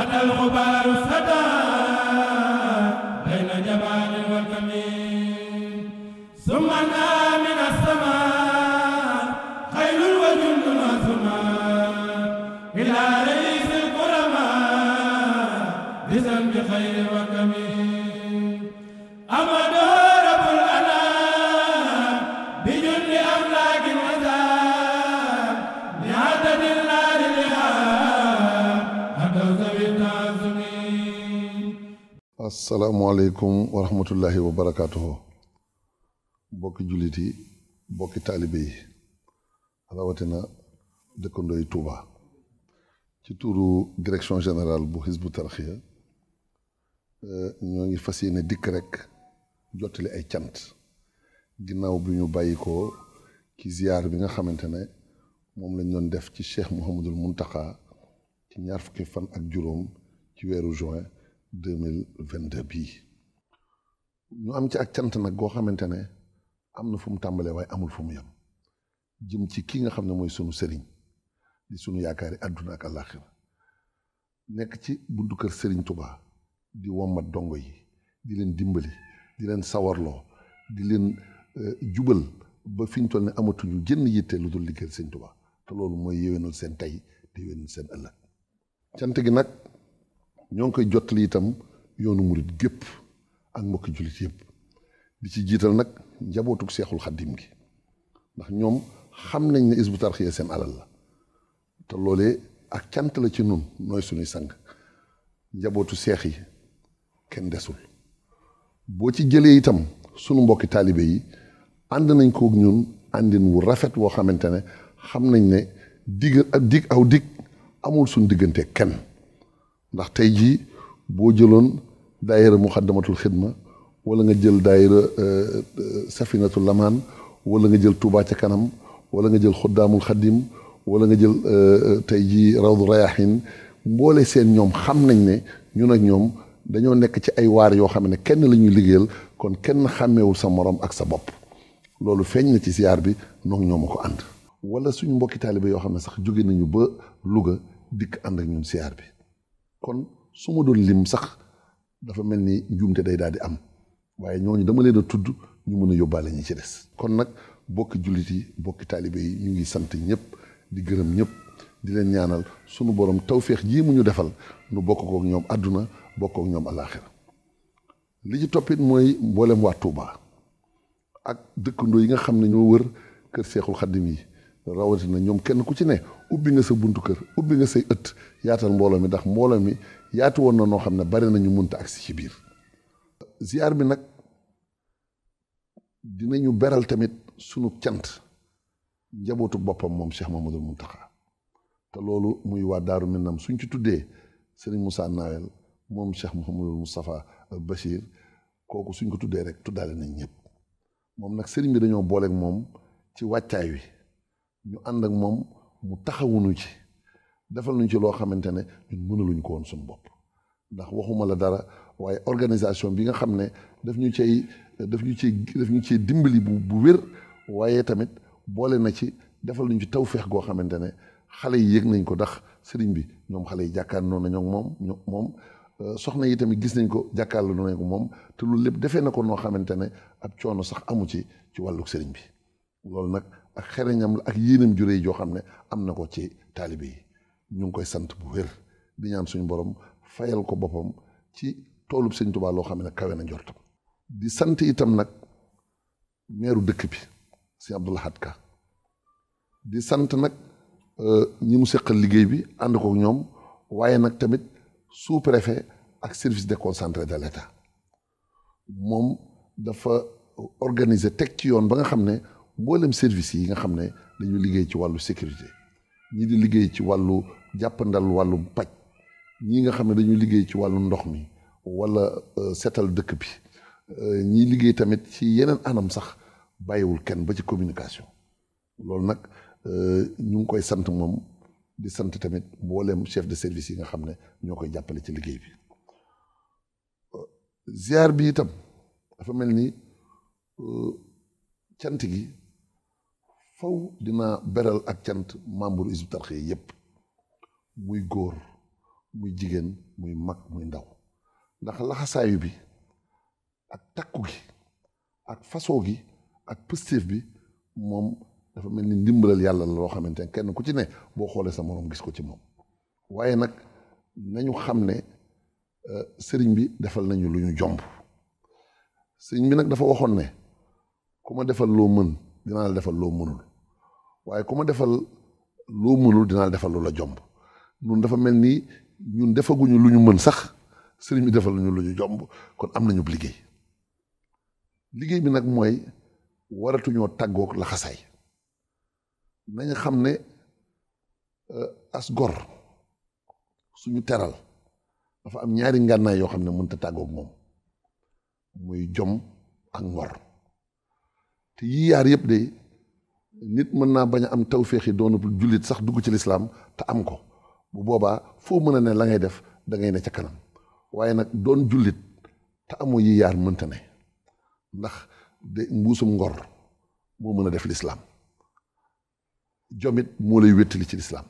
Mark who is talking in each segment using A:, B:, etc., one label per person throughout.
A: ana al xubaar
B: salaamualeykum wa rahmatullahi wa barakaatuhu bokki jullit yi bokki taalibe yi rawatina dëkkandoo yi Touba ci tuuru direction générale bu Hizbut Tarqiyyah ñoo ngi fas yéene dikk rek jottali ay cant ginnaaw bi ñu bàyyi ci ziyaar bi nga xamante ne moom lañ doon def ci Cheikh Mouhamadul Mountakha ci ñaar fukki fan ak juróom ci weeru juin. deux mille vingt deux bii ñu am ci ak cant nag goo xamante ne am na fu mu tàmbalee waaye amul fu mu yam jëm ci kii nga xam ne mooy sunu sëriñ di sunu yaakaari àdduna ak àllaaxira nekk ci buntu kër sëriñ Touba di wommat dongo yi di leen dimbali di leen sawarloo di leen euh, jubal ba fi ñu toll ne amatuñu jënn yitte lu dul liggéeyal sëriñ Touba te loolu mooy yéwénal seen tey te yéwénal seen ëllëg cant gi nag. ñoo ngi koy jottali itam yoonu murit gépp ak mbokki jullit yëpp di ci jiital nag njabootug seexul xaddim gi ndax ñoom xam nañ ne Hizbut Tarqiyyah seen alal la te loolee ak cant la ci nun nooy suñuy sang njabootu seex yi kenn desul boo ci jëlee itam sunu mbokki taalibe yi ànd nañ ko ñun àndin wu rafet woo xamante ne xam nañ ne digg ak dig aw dig amul suñu diggante kenn ndax tey jii boo jëloon daayira muxaddamatul xidma wala nga jël daayira euh, safinatu lamaan wala nga jël tuubaa ca kanam wala nga jël xuddaamul xaddim wala nga jël euh, euh, tey jii raw rawdu rayaxin mboole seen ñoom xam nañ ne ñu ak ñoom dañoo nekk ci ay waar yoo xam ne kenn la ñuy liggéeyal kon kenn xàmmewul sa morom ak sa bopp loolu feeñ na ci siyaar bi noog ñoom ko ànd wala suñu mbokki taalibe yoo xam ne sax jóge nañu ba Louga dikk ànd ak ñun siyaar bi kon su ma doon lim sax dafa mel ni njuumte day daal di am waaye ñooñu dama leen a tudd ñu mën a yóbbaale ñi ci des. kon nag bokki jullit yi bokki taalibe yi ñu ngi sant ñëpp di gërëm ñëpp di leen ñaanal sunu borom tawféex jii mu ñu defal nu bokkook ñoom àdduna bokk ñoom alaaxira li ci toppit mooy mboolem waa Touba ak dëkkandoo yi nga xam ne ñoo wër kër Seexul Xaddim yi. na ñoom kenn ku ci ne ubbi nga sa buntu kër ubbi nga say ëtt yaatal mbooloo mi ndax mbooloo mi yaatu woon na noo xam ne bari nañu munta agsi si biir ziar bi nag dinañu beral tamit sunu cant njabootu boppam moom Cheikh Mamadou Mountakha te loolu muy waa Daaru nam suñ ci tuddee Serigne Moussa Nawel moom Cheikh Mouhamadou Moustapha Bachir kooku suñ ko tuddee rek tuddaale nañ ñëpp moom nag Serigne bi dañoo booleek moom ci wàccaay wi ñu ànd ak moom mu taxawuñu ci defal ñu ci loo xamante ne ñun mënaluñ ko woon suñu bopp ndax waxuma la dara waaye organisation bi nga xam ne daf ñu cay daf ñu cay daf ñu cay dimbali bu wér waaye tamit boole na ci defal ñu ci taw feex goo xamante ne xale yi yëg nañ ko ndax sëriñ bi ñoom xale yi jàkkaarloo nañoo ak moom moom euh, soxna yi tamit gis nañ ko jàkkaarloo nañ ko moom te loolu lépp defee na ko noo xamante ne ab coono sax amu ci ci wàllu sëriñ bi loolu nag. ak xereñam la ak yéenam juré joo xam ne am na ko ci taalibe yi ñu ngi koy sant bu wér di ñaan suñu borom fayal ko boppam ci toolu sëñ Tuubaa loo xam ne kawe na njortam di sant itam nag meeru dëkk bi sëñ Abdou Ka di sant nag euh, ñi mu seqal liggéey bi ànd ko ñoom waaye nag tamit sous-préfet ak service de déconcentré de l'État moom dafa organiser teg ci yoon ba nga xam ne mboolem service yi nga xam ne dañu liggéey ci wàllu sécurité ñii di liggéey ci wàllu jàppandal wàllum paj ñii nga xam ne dañu liggéey ci wàllu ndox mi wala euh, setal dëkk bi euh, ñii liggéey tamit ci yeneen anam sax bàyyiwul kenn ba ci communication loolu nag euh, ñu ngi koy sant moom di sant tamit mbooleem chef de service yi nga xam ne ñoo koy jàppale ci liggéey bi ziar bi tam dafa mel ni cant gi faw dina beral ak cant membre Hizbut Tarqiyyah yépp muy góor muy jigéen muy mag muy ndaw ndax laxasaayu bi ak takku gi ak façon gi ak positif bi moom dafa mel ni ndimbalal yàlla la loo xamante ne kenn ku ci ne boo xoolee sa moroom gis ko ci moom waaye nag nañu xam ne euh, sëriñ bi defal nañu lu ñu jomb sëriñ bi nag dafa waxoon ne ku ma defal loo mën dinaa la defal loo mënul waaye ku ma defal loo mënul dinaa la defal lu la jomb ñun dafa mel ni ñun defaguñu lu ñu mën sax sëriñ bi defal lu ñu jomb kon am nañu liggéey liggéey bi nag mooy waratuñoo tàggoog laxasaay nañ xam ne euh, as gor suñu teral dafa am ñaari ngànnaay yoo xam ne mënta tàggook moom muy jom ak ngor te yii yaar yëpp de nit mën naa bañ a am tawféex yi doonu jullit sax dugg ci lislaam te am ko bu boobaa foo mën a ne la ngay def dangay ne ca kanam waaye nag doon jullit te amoo yi yaar mënta ne ndax de mbuusum ngor moo mën a def lislaam jomit moo lay li ci lislaam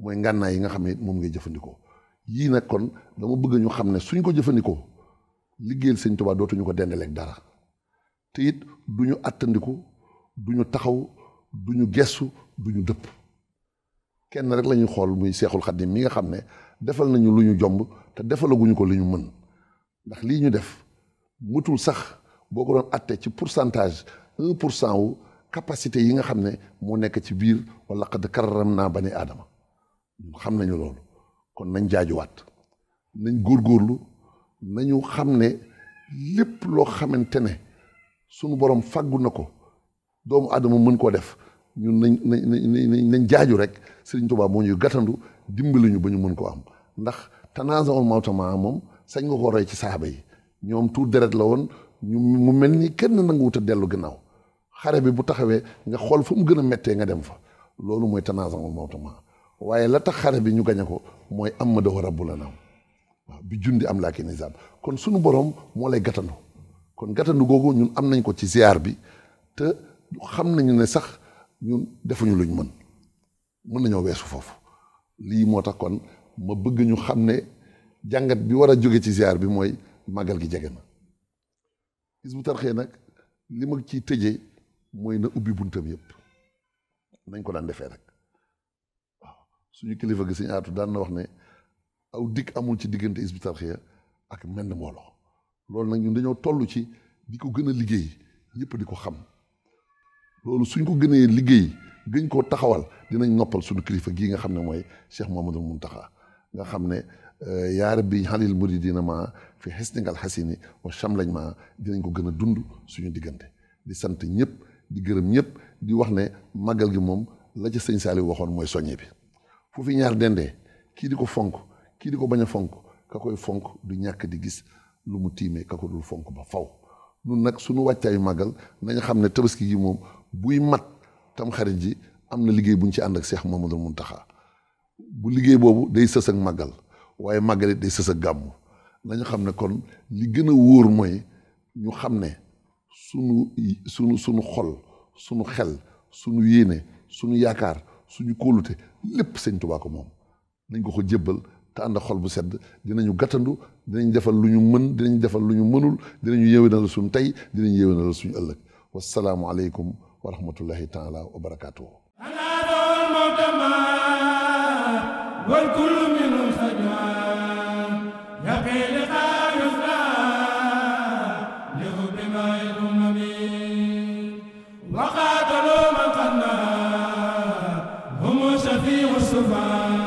B: mooy ngànnaay yi nga xam moom ngay jëfandikoo yii nag kon dama bëgg ñu xam ne suñ ko jëfandikoo liggéeyal sëñ Tuubaa dootuñu ko dendaleeg dara te it du ñu attandiku du ñu taxaw du ñu gestu du ñu dëpp kenn rek la ñuy xool muy seexul xaddim mi nga xam ne defal nañu lu ñu jomb te defalaguñu ko lu ñu mën ndax lii ñu def mutul sax boo ko doon atte ci pourcentage un pour cent wu capacité yi nga xam ne moo nekk ci biir wala xad kararam naa bani aadama xam nañu loolu kon nañ jaajuwaat nañ góor góorlu nañu xam ne lépp loo xamante ne sunu borom faggu na ko doomu aadama mën koo def ñun nañ nañ nañ jaaju rek Serigne Touba moo ñuy gàttandu dimbali ñu ba ñu mën koo am ndax tanaasaul mawtama moom sañ nga ko rek ci saaba yi ñoom tuur deret la woon ñu mu mel ni kenn nanguwut dellu gannaaw xare bi bu taxawee nga xool fu mu gën a méttee nga dem fa loolu mooy tanaasaul mawtama waaye la tax xare bi ñu gañe ko mooy am ma dafa rabbu la naam bi bi di am laa ki nizaam kon sunu borom moo lay gàttandu kon gàttandu googu ñun am nañ ko ci ziar bi te xam nañu ne sax ñun defuñu luñ mën mën nañoo weesu foofu lii moo tax kon ma bëgg ñu xam ne jàngat bi war a jóge ci ziar bi mooy màggal gi jege na Hizbut Tarqiyyah nag li ma ciy tëjee mooy na ubbi buntam yëpp nañ ko daan defee nag waaw suñu kilifa gi Sëñ Aatu daan na wax ne aw dikk amul ci diggante Hizbut Tarqiyyah ak menn mbooloo loolu nag ñu dañoo tollu ci di ko gën a liggéey ñëpp di ko xam loolu suñ ko gën a liggéey gën koo taxawal dinañ noppal suñu kilifa gii nga xam ne mooy Cheikh Mouhamadou Mountakha nga xam ne euh, yaa rabbi halil muridina ma fi xesningal xasini wa chamlañ ma dinañ ko gën a dund suñu diggante di sant ñëpp di gërëm ñëpp di wax ne màggal gi moom la ca sëñ Saliou waxoon mooy soññe bi fu fi ñaar dendee kii di ko fonk kii di ko bañ a fonk ka koy fonk du ñàkk di gis lu mu tiimee ka ko dul fonk ba faw nun nag suñu wàccaay màggal nañ xam ne tabaski yi moom buy mat tam xarit ji am na liggéey buñ ci ànd ak Seex mun taxa bu liggéey boobu day sës màggal waaye màggal it day sës gàmmu nañu xam ne kon li gën a wóor mooy ñu xam ne sunu sunu sunu xol sunu xel sunu yéene sunu yaakaar suñu kóolute lépp sëñ Tuubaa ko moom nañ ko ko jébbal te ànd ak xol bu sedd dinañu gàttandu dinañ defal lu ñu mën dinañ defal lu ñu mënul dinañu yéwénal suñ tey dinañ yéwénal suñu ëllëg wasalaamu aleykum wa rahmatullahi taala wa barakaatuhu
A: والكل منهم سجان يقي لقاء يفلان له بما يظن به وقاتلوا من قد هم شفيع السفهاء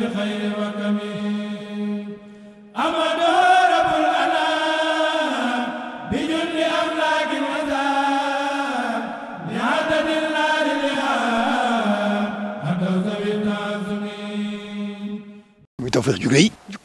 A: بخير وكمين